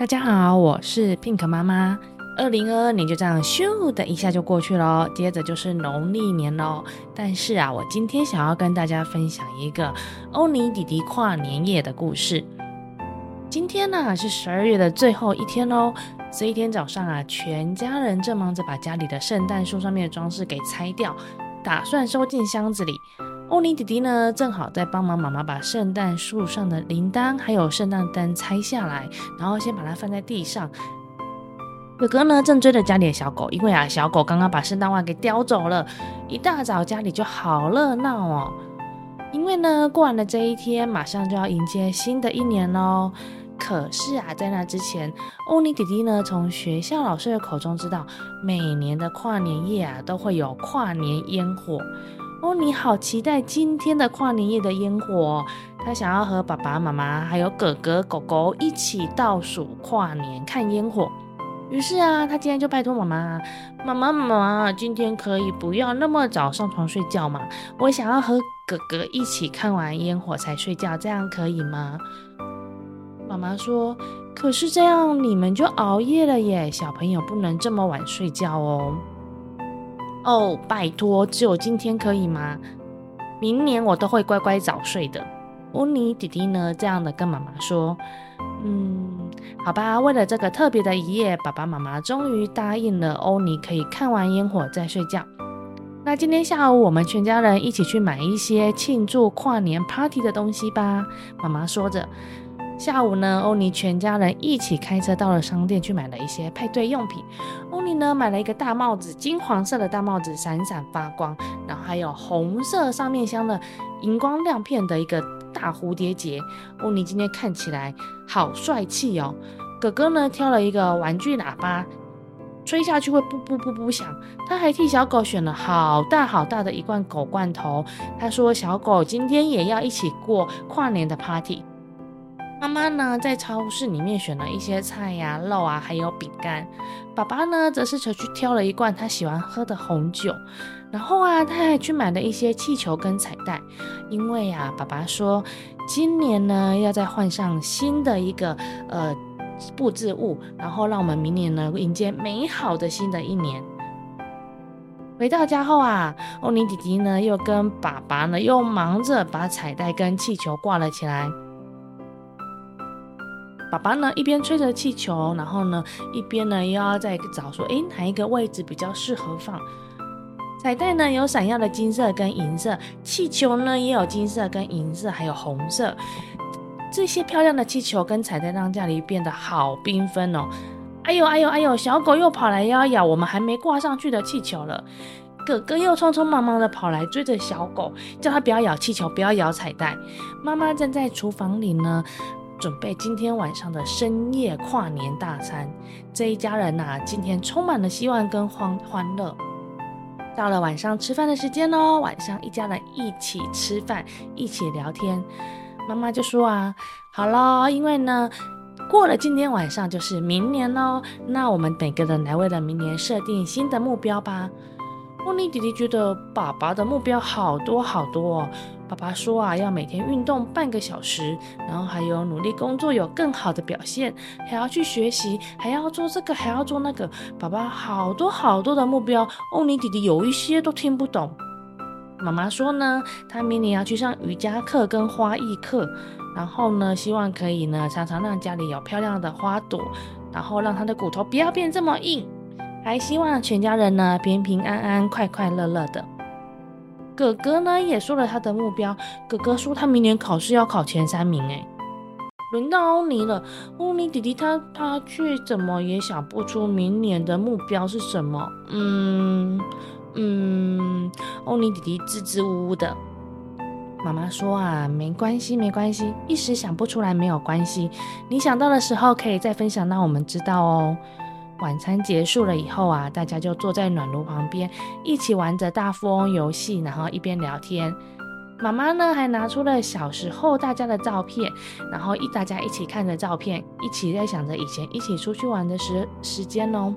大家好，我是 Pink 媽媽。二零二二年就這樣咻的一下就過去了，接着就是農曆年嘍。但是啊，我今天想要跟大家分享一個歐尼弟弟跨年夜的故事。今天呢，啊，是十二月的最後一天嘍。這一天早上啊，全家人正忙着把家裡的聖誕樹上面的裝飾給拆掉，打算收進箱子裡。歐尼弟弟呢，正好在幫忙媽媽把聖誕樹上的鈴鐺還有聖誕燈拆下來，然後先把它放在地上。哥哥呢，正追着家裡的小狗，因為啊，小狗剛剛把聖誕襪給叼走了。一大早家裡就好熱鬧哦，因為呢，過完了這一天，馬上就要迎接新的一年囉。可是啊，在那之前，歐尼弟弟呢，從學校老師的口中知道，每年的跨年夜啊，都會有跨年煙火。歐尼好期待今天的跨年夜的煙火，他想要和爸爸媽媽還有哥哥狗狗一起倒數跨年看煙火。於是啊，他今天就拜託媽媽，媽媽媽媽，今天可以不要那麼早上床睡覺嗎？我想要和哥哥一起看完煙火才睡覺，這樣可以嗎？媽媽說：“可是這樣你們就熬夜了耶，小朋友不能這麼晚睡覺哦。”“哦，拜托，只有今天可以嗎？明年我都會乖乖早睡的。”歐尼弟弟呢，這樣的跟媽媽說：“嗯，好吧，為了這個特別的一夜，爸爸媽媽終於答應了歐尼可以看完煙火再睡覺。那今天下午我們全家人一起去買一些慶祝跨年 party 的東西吧。”媽媽說着。下午呢，歐尼全家人一起開車到了商店去買了一些派對用品。歐尼呢買了一個大帽子，金黃色的大帽子閃閃發光，然後還有紅色上面鑲了熒光亮片的一個大蝴蝶結。歐尼今天看起來好帥氣哦。哥哥呢挑了一個玩具喇叭，吹下去會噗噗噗噗響。他還替小狗選了好大好大的一罐狗罐頭。他說小狗今天也要一起過跨年的 party。媽媽呢，在超市裡面選了一些菜呀、啊、肉啊，還有餅乾。爸爸呢，則是出去挑了一罐他喜歡喝的紅酒。然後啊，他還去買了一些氣球跟彩帶，因為呀、啊，爸爸說今年呢，要再換上新的一個呃布置物，然後讓我們明年呢迎接美好的新的一年。回到家後啊，歐尼弟弟呢，又跟爸爸呢，又忙着把彩帶跟氣球掛了起來。爸爸呢，一邊吹着氣球，然後呢一邊呢又要再找說，哎、欸，哪一個位置比較適合放彩帶呢？有閃耀的金色跟銀色，氣球呢也有金色跟銀色，還有紅色。這些漂亮的氣球跟彩帶讓家裡變得好繽紛哦！哎呦哎呦哎呦，小狗又跑來要，要咬我們還沒掛上去的氣球了。哥哥又匆匆忙忙的跑來追着小狗，叫他不要咬氣球，不要咬彩帶。媽媽正在廚房裡呢，準備今天晚上的深夜跨年大餐，這一家人吶、啊，今天充滿了希望跟歡歡樂。到了晚上吃飯的時間嘍，晚上一家人一起吃飯，一起聊天。媽媽就說啊，好嘍，因為呢，過了今天晚上就是明年嘍，那我們每個人來為了明年設定新的目標吧。歐尼弟弟覺得爸爸的目標好多好多，哦。爸爸說：“啊，要每天運動半個小時，然後還有努力工作，有更好的表現，還要去學習，還要做這個，還要做那個。爸爸好多好多的目標哦。”歐尼弟弟有一些都聽不懂。媽媽說呢，他明年要去上瑜伽課跟花藝課，然後呢，希望可以呢，常常讓家裡有漂亮的花朵，然後讓他的骨頭不要變這麼硬，還希望全家人呢，平平安安，快快樂樂的。哥哥呢也說了他的目標，哥哥說他明年考試要考前三名欸。哎，輪到歐尼了，歐尼弟弟他他卻怎麼也想不出明年的目標是什麼。嗯嗯，歐尼弟弟支支吾吾的。媽媽說啊，沒關係沒關係，一時想不出來沒有關係，你想到的時候可以再分享讓我們知道哦。晚餐結束了以後啊，大家就坐在暖爐旁邊，一起玩着大富翁遊戲，然後一邊聊天。媽媽呢還拿出了小時候大家的照片，然後一大家一起看着照片，一起在想着以前一起出去玩的時時間哦。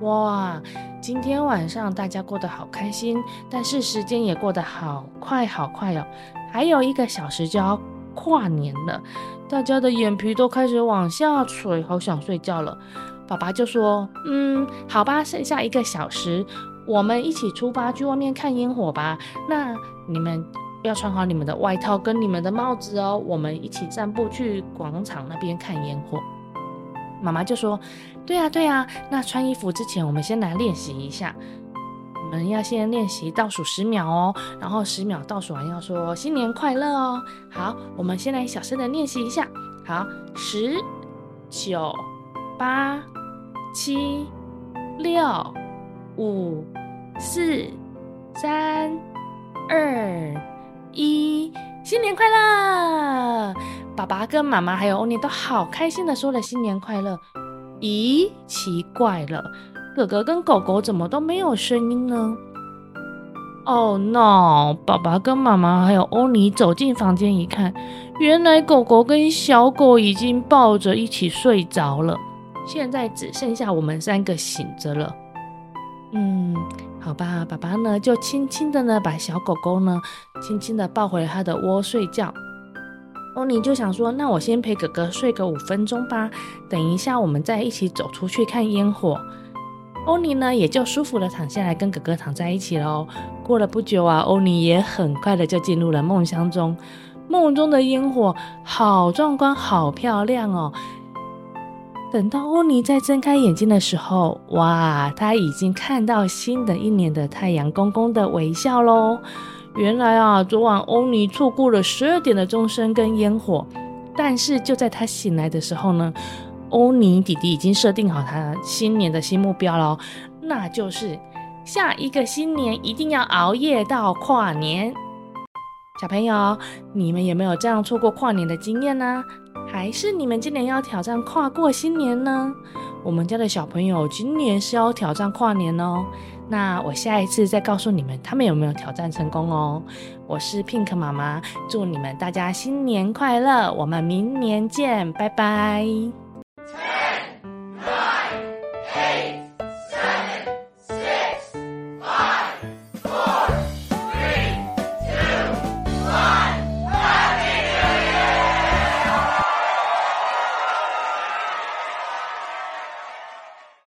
哇，今天晚上大家過得好開心，但是時間也過得好快好快哦，還有一個小時就要跨年了，大家的眼皮都開始往下垂，好想睡覺了。爸爸就說：“嗯，好吧，剩下一個小時，我們一起出發去外面看煙火吧。那你們要穿好你們的外套跟你們的帽子哦。我們一起散步去廣場那邊看煙火。”媽媽就說：“對呀，對呀。那穿衣服之前，我們先來練習一下。我們要先練習倒數十秒哦，然後十秒倒數完要說‘新年快樂’哦。好，我們先來小聲的練習一下。好，十九。”八七六五四三二一，新年快樂！爸爸跟媽媽還有歐尼都好開心的說了新年快樂。咦，奇怪了，哥哥跟狗狗怎麼都沒有聲音呢？Oh no！爸爸跟媽媽還有歐尼走進房間一看，原來狗狗跟小狗已經抱着一起睡着了。現在只剩下我們三個醒着了。嗯，好吧，爸爸呢就輕輕的呢把小狗狗呢輕輕的抱回了它的窩睡覺。歐尼就想說，那我先陪哥哥睡個五分鐘吧，等一下我們再一起走出去看煙火。歐尼呢也就舒服的躺下來跟哥哥躺在一起嘍。過了不久啊，歐尼也很快的就進入了夢鄉中，夢中的煙火好壯觀，好漂亮哦。等到歐尼再睜開眼睛的時候，哇，他已經看到新的一年的太陽公公的微笑嘍。原來啊，昨晚歐尼錯過了十二點的鐘聲跟煙火，但是就在他醒來的時候呢，歐尼弟弟已經設定好他新年的新目標嘍，那就是下一個新年一定要熬夜到跨年。小朋友，你們有沒有這樣錯過跨年的經驗呢？還是你們今年要挑戰跨過新年呢？我們家的小朋友今年是要挑戰跨年哦。那我下一次再告訴你們他們有沒有挑戰成功哦。我是 Pink 媽媽，祝你們大家新年快樂，我們明年見，拜拜。